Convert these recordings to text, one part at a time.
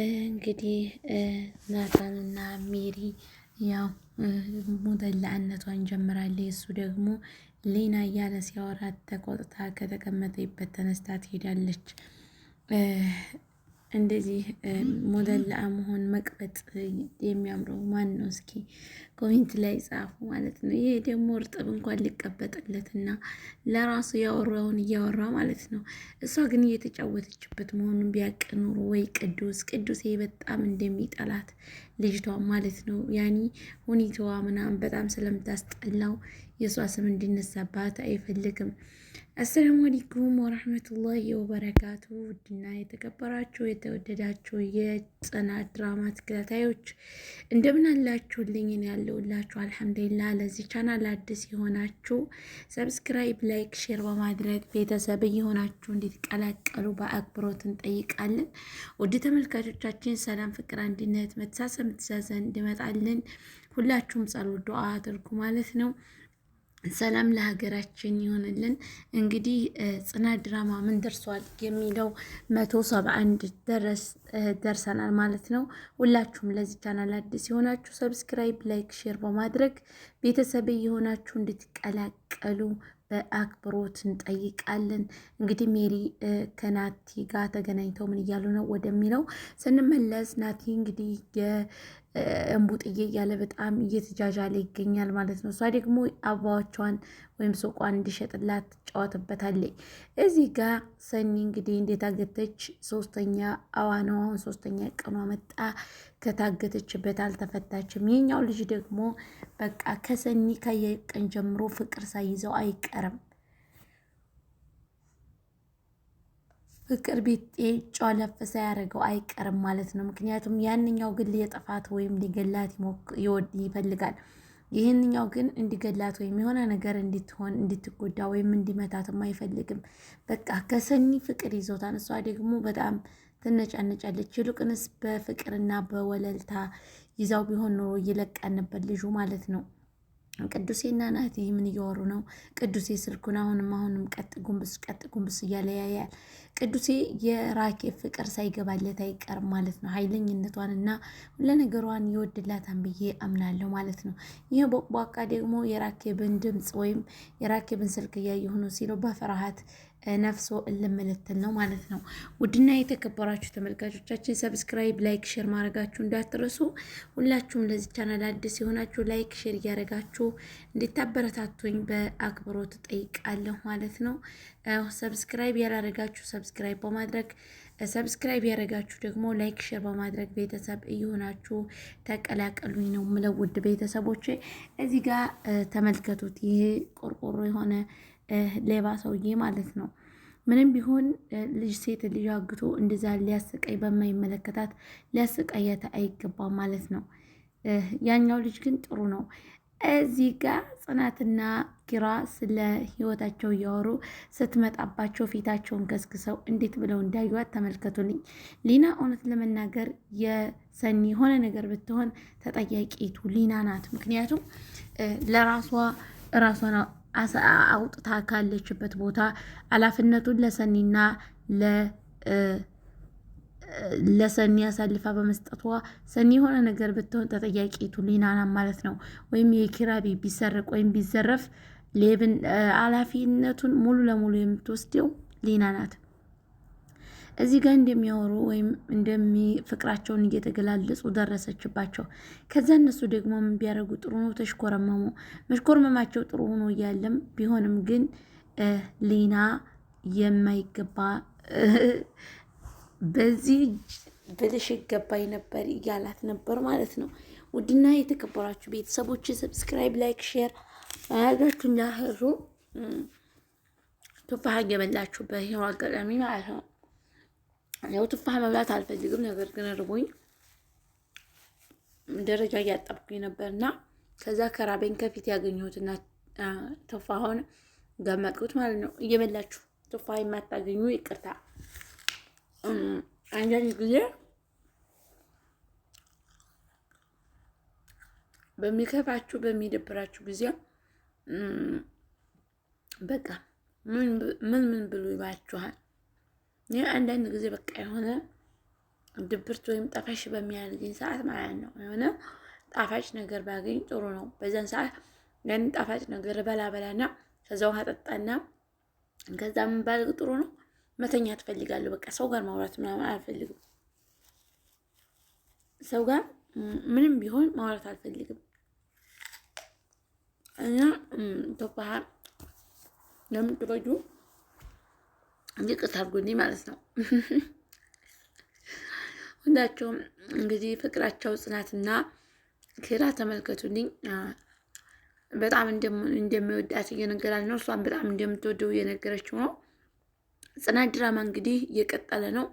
እንግዲህ ናታንና ሜሪ ያው ሙደላዕነቷን ጀምራለች። እሱ ደግሞ ሌና እያለ ሲያወራት ተቆጥታ ከተቀመጠበት ተነስታ ትሄዳለች። እንደዚህ ሞደላ መሆን መቅበጥ የሚያምረው ማን ነው? እስኪ ኮሜንት ላይ ጻፉ ማለት ነው። ይሄ ደግሞ እርጥብ እንኳን ሊቀበጥለት እና ለራሱ ያወራውን እያወራ ማለት ነው። እሷ ግን እየተጫወተችበት መሆኑን ቢያቅ ኑሮ ወይ ቅዱስ ቅዱሴ በጣም እንደሚጠላት ልጅቷ ማለት ነው። ያኒ ሁኔታዋ ምናምን በጣም ስለምታስጠላው የእሷ ስም እንዲነሳባት አይፈልግም። አሰላሙ አለይኩም ወረህመቱላሂ ወበረካቱ። ውድና የተከበራችሁ የተወደዳችሁ የጽናት ድራማ ተከታታዮች እንደምን አላችሁልኝ? ያለውላችሁ አልሐምዱሊላ። ለዚህ ቻናል አዲስ የሆናችሁ ሰብስክራይብ፣ ላይክ፣ ሼር በማድረግ ቤተሰብ የሆናችሁ እንዲትቀላቀሉ በአክብሮት እንጠይቃለን። ውድ ተመልካቾቻችን ሰላም፣ ፍቅር፣ አንድነት፣ መተሳሰብ ፍቅር ትእዛዘን ሁላችሁም ጸሎት፣ ዱዓ አድርጉ ማለት ነው። ሰላም ለሀገራችን ይሆንልን። እንግዲህ ጽናት ድራማ ምን ደርሷል የሚለው መቶ ሰባ አንድ ደርሰናል ማለት ነው። ሁላችሁም ለዚህ ቻናል አዲስ የሆናችሁ ሰብስክራይብ፣ ላይክ፣ ሼር በማድረግ ቤተሰብ የሆናችሁ እንድትቀላቀሉ በአክብሮት እንጠይቃለን። እንግዲህ ሜሪ ከናቲ ጋር ተገናኝተው ምን እያሉ ነው ወደሚለው ስንመለስ ናቲ እንግዲህ እንቡጥዬ እያለ በጣም እየተጃጃለ ይገኛል ማለት ነው። እሷ ደግሞ አበባዎቿን ወይም ሱቋን እንዲሸጥላት ትጫወትበታለች። እዚህ ጋ ሰኒ እንግዲህ እንደታገተች ሶስተኛ አዋናዋን ሶስተኛ ቀኗ መጣ። ከታገተችበት አልተፈታችም። የኛው ልጅ ደግሞ በቃ ከሰኒ ከየቀን ጀምሮ ፍቅር ሳይዘው አይቀርም። ፍቅር ቤት ጫ ለፍሳ ያደረገው አይቀርም ማለት ነው። ምክንያቱም ያንኛው ግን ሊጠፋት ወይም ሊገላት ይፈልጋል። ይህንኛው ግን እንዲገላት ወይም የሆነ ነገር እንድትሆን እንድትጎዳ ወይም እንዲመታትም አይፈልግም። በቃ ከሰኒ ፍቅር ይዞታን፣ እሷ ደግሞ በጣም ትነጫነጫለች። ይልቁንስ በፍቅርና በወለልታ ይዛው ቢሆን ኖሮ እየለቃን ልጁ ማለት ነው። ቅዱሴና ናቲ ምን እያወሩ ነው? ቅዱሴ ስልኩን አሁንም አሁንም ቀጥ ጉንብስ ቀጥ ጉንብስ እያለ ያያል። ቅዱሴ የራኬብ ፍቅር ሳይገባለት አይቀርም ማለት ነው። ኃይለኝነቷን እና ለነገሯን የወድላታን ብዬ አምናለሁ ማለት ነው። ይህ ቦቅቧቃ ደግሞ የራኬብን ድምፅ ወይም የራኬብን ስልክ እያየ ሲለው በፍርሃት ነፍሶ እልምልትን ነው ማለት ነው። ውድና የተከበራችሁ ተመልካቾቻችን ሰብስክራይብ፣ ላይክ፣ ሼር ማድረጋችሁ እንዳትረሱ። ሁላችሁም ለዚህ ቻናል አዲስ የሆናችሁ ላይክ፣ ሼር እያደረጋችሁ እንድታበረታቱኝ በአክብሮት ጠይቃለሁ ማለት ነው። ሰብስክራይብ ያላደረጋችሁ ሰብስክራይብ በማድረግ ሰብስክራይብ ያደረጋችሁ ደግሞ ላይክ ሼር በማድረግ ቤተሰብ እየሆናችሁ ተቀላቀሉኝ ነው ምለው ውድ ቤተሰቦች እዚህ ጋር ተመልከቱት ይሄ ቆርቆሮ የሆነ ሌባ ሰውዬ ማለት ነው። ምንም ቢሆን ልጅ ሴት ልጅ አግቶ እንደዛ ሊያስቀይ በማይመለከታት ሊያሰቃያት አይገባም ማለት ነው። ያኛው ልጅ ግን ጥሩ ነው። እዚህ ጋር ጽናትና ኪራ ስለ ህይወታቸው እያወሩ ስትመጣባቸው ፊታቸውን ከስክሰው እንዴት ብለው እንዳዩዋት ተመልከቱልኝ። ሊና እውነት ለመናገር የሰኒ የሆነ ነገር ብትሆን ተጠያቂቱ ሊና ናት። ምክንያቱም ለራሷ ራሷን አውጥታ ካለችበት ቦታ ኃላፊነቱን ለሰኒና ለሰኒ አሳልፋ በመስጠቷ ሰኒ የሆነ ነገር ብትሆን ተጠያቂ ቱሊናና ማለት ነው። ወይም የኪራቢ ቢሰረቅ ወይም ቢዘረፍ ሌብን ኃላፊነቱን ሙሉ ለሙሉ የምትወስደው ሊና ናት። እዚህ ጋር እንደሚያወሩ ወይም እንደሚ ፍቅራቸውን እየተገላለጹ ደረሰችባቸው። ከዛ እነሱ ደግሞ ምን ቢያደርጉ ጥሩ ነው? ተሽኮረመሙ። መሽኮርመማቸው ጥሩ ሆኖ እያለም ቢሆንም ግን ሊና የማይገባ በዚህ ብልሽ ይገባኝ ነበር እያላት ነበር ማለት ነው። ውድና የተከበራችሁ ቤተሰቦች ሰብስክራይብ፣ ላይክ፣ ሼር አያጋችሁ እንዳህሩ ቱፋሃ ገበላችሁ በህይወት አጋጣሚ ማለት ነው። ያው ትፋህ መብላት አልፈልግም፣ ነገር ግን ርቦኝ ደረጃ እያጠብኩኝ ነበርና ከዛ ከራቤን ከፊት ያገኘሁትና ትፋሁን ገመጥኩት ማለት ነው። እየበላችሁ ትፋህ የማታገኙ ይቅርታ። አንዳንድ ጊዜ በሚከፋችሁ በሚደብራችሁ ጊዜ በቃ ምን ምን ብሉ ይባችኋል። ይህ አንዳንድ ጊዜ በቃ የሆነ ድብርት ወይም ጠፈሽ በሚያደርግኝ ሰዓት ማለት ነው የሆነ ጣፋጭ ነገር ባገኝ ጥሩ ነው። በዛን ሰዓት ያንን ጣፋጭ ነገር በላ በላና ከዛ ውሃ ጠጣና ከዛ ምን ባልግ ጥሩ ነው። መተኛ ትፈልጋለሁ። በቃ ሰው ጋር ማውራት ምናምን አልፈልግም። ሰው ጋር ምንም ቢሆን ማውራት አልፈልግም እና ቶፓሃ ለምን ይቅርታ አድርጉልኝ ማለት ነው። ሁላችሁም እንግዲህ ፍቅራቸው ጽናትና ኪራ ተመልከቱልኝ። በጣም እንደሚወዳት እየነገራል ነው። እሷን በጣም እንደምትወደው እየነገረችው ነው። ጽናት ድራማ እንግዲህ እየቀጠለ ነው።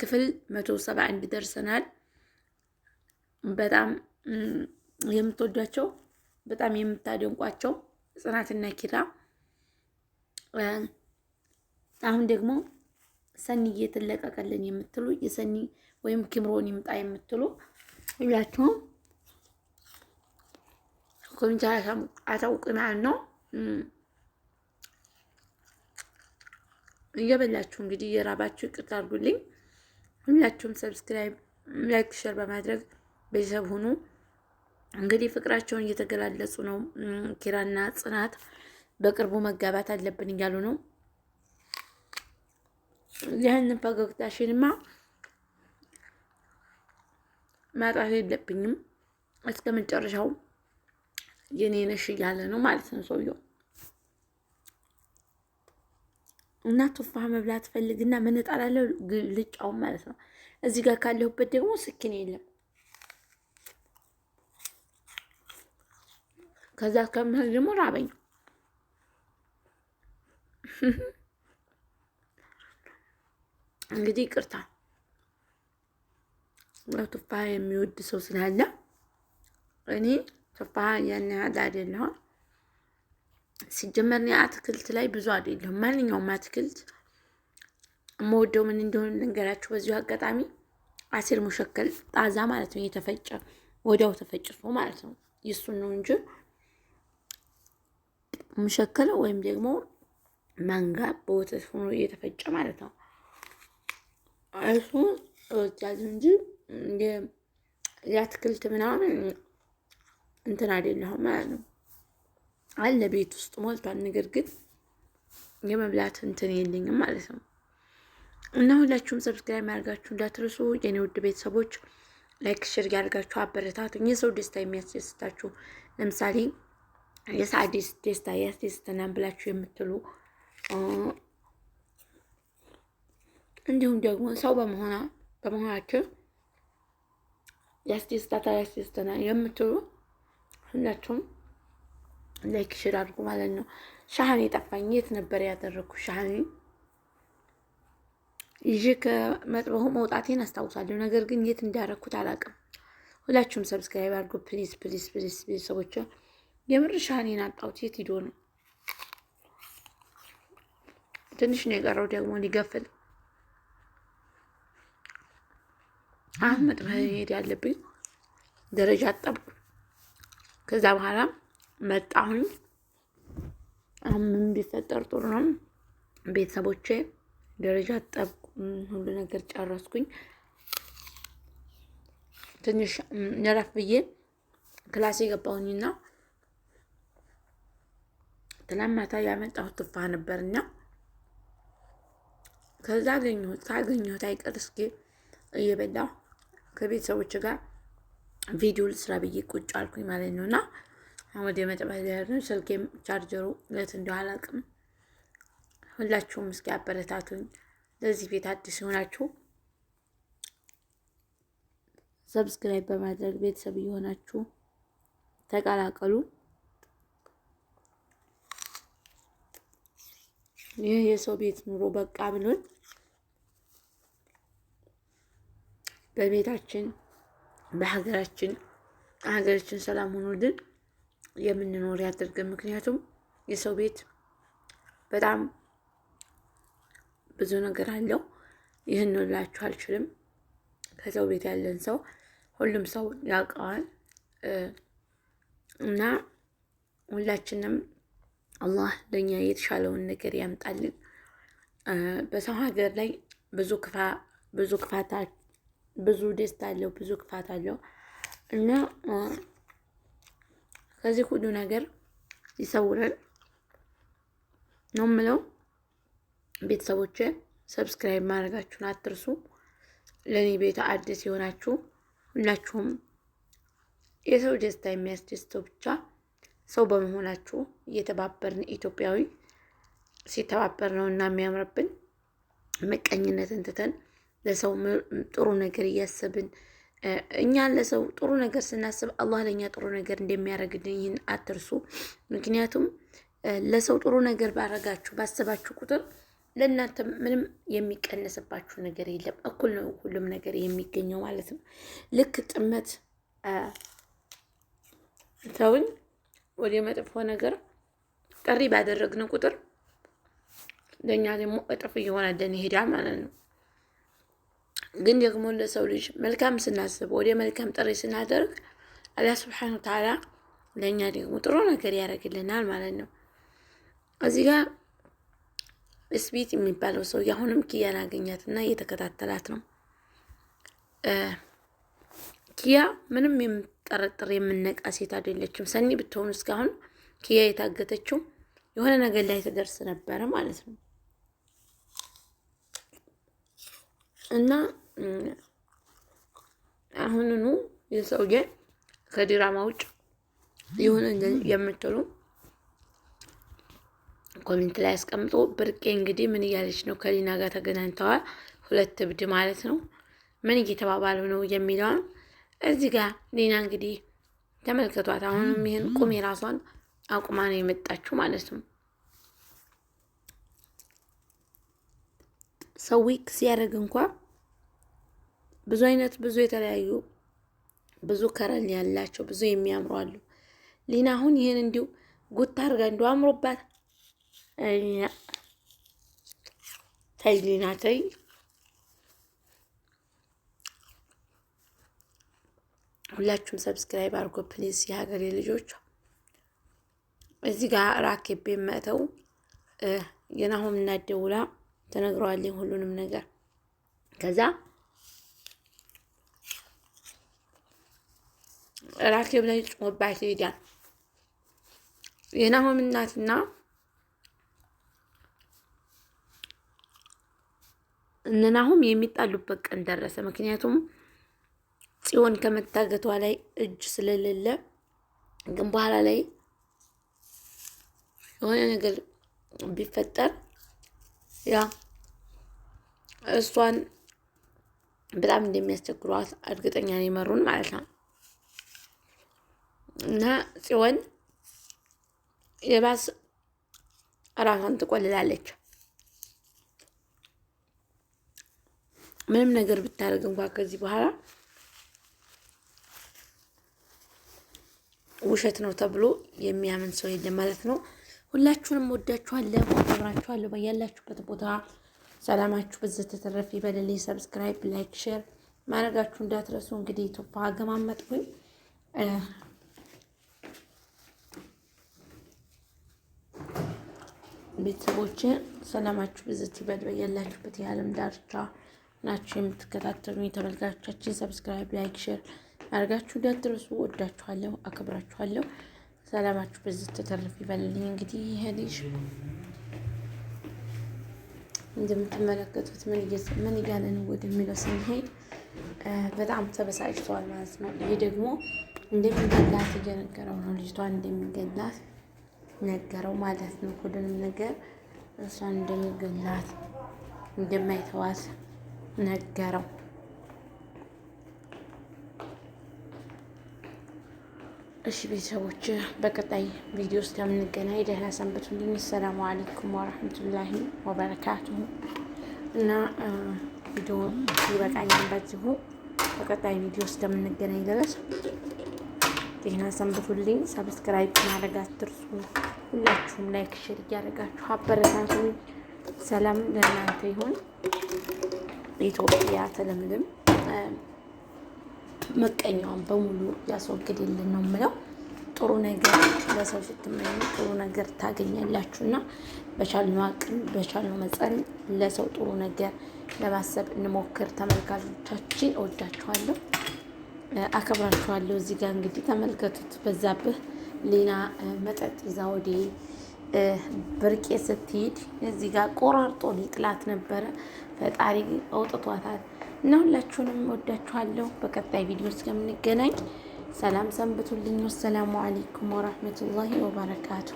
ክፍል መቶ ሰባ አንድ ደርሰናል። በጣም የምትወዷቸው በጣም የምታደንቋቸው ጽናትና ኪራ አሁን ደግሞ ሰኒ እየተለቀቀልን የምትሉ የሰኒ ወይም ኪምሮን ይምጣ የምትሉ ሁላችሁም ኮሚንታ አታውቅናል ነው እየበላችሁ እንግዲህ እየራባችሁ ይቅርታ አድርጉልኝ። ሁላችሁም ሰብስክራይብ፣ ላይክ፣ ሸር በማድረግ ቤተሰብ ሁኑ። እንግዲህ ፍቅራቸውን እየተገላለጹ ነው። ኪራና ጽናት በቅርቡ መጋባት አለብን እያሉ ነው። ይህን ፈገግታሽንማ ማጣት የለብኝም እስከ መጨረሻው የኔ ነሽ እያለ ነው ማለት ነው ሰውየው። እና ቱፋህ መብላት ፈልግና ምንጣላለው ልጫውን ማለት ነው። እዚህ ጋር ካለሁበት ደግሞ ስኪን የለም። ከዛ ከምህል ደግሞ ራበኝ። እንግዲህ ይቅርታ ቱፋ የሚወድ ሰው ስላለ እኔ ቱፋ ያን ያህል አይደለሁም። ሲጀመር እኔ አትክልት ላይ ብዙ አይደለሁም። ማንኛውም አትክልት የምወደው ምን እንደሆነ ነገራችሁ። በዚሁ አጋጣሚ አሲር ሙሸከል ጣዛ ማለት ነው፣ የተፈጨ ወዲያው ተፈጭቶ ማለት ነው። ይሱን ነው እንጂ ሙሸከል ወይም ደግሞ መንጋ በወተት ሆኖ እየተፈጨ ማለት ነው። እሱ እወዳለሁ እንጂ የአትክልት ምናምን እንትን አይደለሁም ማለት ነው። አለ ቤት ውስጥ ሞልቷል። ነገር ግን የመብላት እንትን የለኝም ማለት ነው። እና ሁላችሁም ሰብስክራይብ ያደርጋችሁ እንዳትረሱ የኔ ውድ ቤተሰቦች፣ ላይክ ሽር ያደርጋችሁ አበረታቱኝ። የሰው ደስታ የሚያስደስታችሁ ለምሳሌ የሰዓት ደስታ ያስደስተናል ብላችሁ የምትሉ እንዲሁም ደግሞ ሰው በመሆና በመሆናችሁ ያስደስታታል ያስደስተናል የምትሉ ሁላችሁም ላይክ ሽር አድርጉ ማለት ነው። ሻህኔ ጠፋኝ። የት ነበር ያደረግኩ? ሻህኔ ይዤ ከመጥበሁ መውጣቴን አስታውሳለሁ፣ ነገር ግን የት እንዳረግኩት አላውቅም። ሁላችሁም ሰብስክራይብ አድርጉ ፕሊዝ ፕሊዝ ፕሊዝ ፕሊዝ። ሰዎች የምር ሻህኔን አጣሁት። የት ሂዶ ነው? ትንሽ ነው የቀረው ደግሞ ሊገፍል አሁን መጥበህ መሄድ ያለብኝ ደረጃ አጠብቅ። ከዛ በኋላ መጣሁኝ። አሁን ምን ቢፈጠር ጥሩ ነው? ቤተሰቦቼ ደረጃ አጠብቁ። ሁሉ ነገር ጨረስኩኝ። ትንሽ ነረፍ ብዬ ክላስ የገባሁኝና ትናንት ማታ ያመጣሁት ትፋ ነበርና ከዛ አገኘሁት። ካገኘሁት አይቀር እስኪ እየበላሁ ከቤተሰቦች ጋር ቪዲዮ ልስራ ብዬ ቁጭ አልኩኝ ማለት ነው። እና ወደ መጨረሻ ነው ስልኬም ቻርጀሩ ለት እንዲ አላቅም። ሁላችሁም እስኪ አበረታቱኝ። ለዚህ ቤት አዲስ የሆናችሁ ሰብስክራይብ በማድረግ ቤተሰብ እየሆናችሁ ተቀላቀሉ። ይህ የሰው ቤት ኑሮ በቃ ብሎን በቤታችን በሀገራችን ሀገራችን ሰላም ሆኖልን የምንኖር ያደርገን። ምክንያቱም የሰው ቤት በጣም ብዙ ነገር አለው። ይህን ላችሁ አልችልም። ከሰው ቤት ያለን ሰው ሁሉም ሰው ያውቀዋል እና ሁላችንም አላህ ለእኛ የተሻለውን ነገር ያምጣልን። በሰው ሀገር ላይ ብዙ ክፋ ብዙ ክፋታ ብዙ ደስታ አለው፣ ብዙ ክፋት አለው እና ከዚህ ሁሉ ነገር ይሰውራል ነው ምለው። ቤተሰቦች ሰብስክራይብ ማድረጋችሁን አትርሱ። ለእኔ ቤት አዲስ የሆናችሁ ሁላችሁም የሰው ደስታ የሚያስደስተው ብቻ ሰው በመሆናችሁ እየተባበርን ኢትዮጵያዊ ሲተባበር ነው እና የሚያምርብን መቀኝነትን ትተን ለሰው ጥሩ ነገር እያሰብን እኛን ለሰው ጥሩ ነገር ስናስብ አላህ ለእኛ ጥሩ ነገር እንደሚያደርግልን ይህን አትርሱ። ምክንያቱም ለሰው ጥሩ ነገር ባረጋችሁ ባሰባችሁ ቁጥር ለእናንተ ምንም የሚቀነስባችሁ ነገር የለም። እኩል ነው ሁሉም ነገር የሚገኘው ማለት ነው። ልክ ጥመት ተውኝ ወደ መጥፎ ነገር ጥሪ ባደረግን ቁጥር ለእኛ ደግሞ እጥፍ እየሆነልን ይሄዳል ማለት ነው። ግን ደግሞ ለሰው ልጅ መልካም ስናስብ ወደ መልካም ጥሪ ስናደርግ አላህ ስብሓን ተዓላ ለእኛ ደግሞ ጥሩ ነገር ያደርግልናል ማለት ነው። እዚህ ጋር እስቢት የሚባለው ሰው አሁንም ኪያን አገኛትና እየተከታተላት ነው። ኪያ ምንም የምጠረጥር የምነቃ ሴት አይደለችም። ሰኒ ብትሆኑ እስካሁን ኪያ የታገተችው የሆነ ነገር ላይ ትደርስ ነበረ ማለት ነው እና አሁንኑ የሰውዬ ከዲራማ ውጭ ይሁን የምትሉ ኮሜንት ላይ አስቀምጦ ብርቄ እንግዲህ ምን እያለች ነው? ከሊና ጋር ተገናኝተዋል። ሁለት እብድ ማለት ነው። ምን እየተባባሉ ነው የሚለውን እዚህ ጋር ሊና እንግዲህ ተመልከቷት። አሁንም ይህን ቁም የራሷን አቁማ ነው የመጣችው ማለት ነው። ሰው ዊክ ሲያደርግ እንኳ ብዙ አይነት ብዙ የተለያዩ ብዙ ከረን ያላቸው ብዙ የሚያምሩ አሉ። ሊና አሁን ይህን እንዲሁ ጉታ አድርጋ እንዲሁ አምሮባት ተይ ሊና ተይ። ሁላችሁም ሰብስክራይብ አድርጎ ፕሊዝ የሀገሬ ልጆች። እዚህ ጋር ራኬቤ መተው የናሆም እናደውላ ደውላ ተነግረዋለኝ ሁሉንም ነገር ከዛ ራኬብ ላይ ጭሞባት ይሄዳል። የናሆም እናትና እነናሆም የሚጣሉበት ቀን ደረሰ። ምክንያቱም ጽዮን ከመታገቷ ላይ እጅ ስለሌለ፣ ግን በኋላ ላይ የሆነ ነገር ቢፈጠር ያ እሷን በጣም እንደሚያስቸግሯት እርግጠኛ ሊመሩን ማለት ነው። እና ጽዮን የባስ ራሷን ትቆልላለች። ምንም ነገር ብታደርግ እንኳ ከዚህ በኋላ ውሸት ነው ተብሎ የሚያምን ሰው የለም ማለት ነው። ሁላችሁንም ወዳችኋለሁ፣ አከብራችኋለሁ። በያላችሁበት ቦታ ሰላማችሁ በዘት ተተረፍ ይበልልኝ። ሰብስክራይብ፣ ላይክ፣ ሼር ማድረጋችሁ እንዳትረሱ። እንግዲህ ቶፓ አገማመጥኩኝ ቤተሰቦች ሰላማችሁ ብዝት ይበል። በያላችሁበት የዓለም ዳርቻ ናችሁ የምትከታተሉ የተመልካቾቻችን፣ ሰብስክራይብ፣ ላይክ፣ ሼር አድርጋችሁ እንዳትረሱ። ወዳችኋለሁ፣ አከብራችኋለሁ። ሰላማችሁ ብዝት ተተርፍ ይበልልኝ። እንግዲህ ይሄ ልጅ እንደምትመለከቱት ምን እያለ ነው ወደሚለው ስንሄድ በጣም ተበሳጭተዋል ማለት ነው። ይህ ደግሞ እንደሚገላት እየነገረው ነው፣ ልጅቷን እንደሚገላት ነገረው ማለት ነው። ሁሉንም ነገር እሷን እንደሚገላት እንደማይተዋት ነገረው። እሺ ቤተሰቦች በቀጣይ ቪዲዮ ውስጥ ከምንገናኝ ደህና ሰንበት እንዲህ ሰላሙ አለይኩም ወረህመቱላሂ ወበረካቱሁ እና ቪዲዮ ይበቃኛል በዚሁ። በቀጣይ ቪዲዮ ውስጥ ድረስ ደህና ሰንብቱልኝ። ሰብስክራይብ ማድረግ አትርሱ። ሁላችሁም ላይክ፣ ሼር እያደረጋችሁ አበረታቱኝ። ሰላም ለእናንተ ይሁን። ኢትዮጵያ ትለምልም፣ መቀኛዋን በሙሉ ያስወግድልን ነው የምለው። ጥሩ ነገር ለሰው ስትመኙ ጥሩ ነገር ታገኛላችሁ እና በቻልነው አቅም በቻልነው መጠን ለሰው ጥሩ ነገር ለማሰብ እንሞክር። ተመልካቾቻችን እወዳችኋለሁ፣ አከብራችኋለሁ። እዚህ ጋር እንግዲህ ተመልከቱት በዛብህ ሌላ መጠጥ ይዛ ወደ ብርቄ ስትሄድ እዚህ ጋር ቆራርጦ ሊጥላት ነበረ። ፈጣሪ አውጥቷታል። እና ሁላችሁንም ወዳችኋለሁ። በቀጣይ ቪዲዮ እስከምንገናኝ ሰላም ሰንብቱልኝ። ወሰላሙ አሌይኩም ወረህመቱላሂ ወበረካቱ።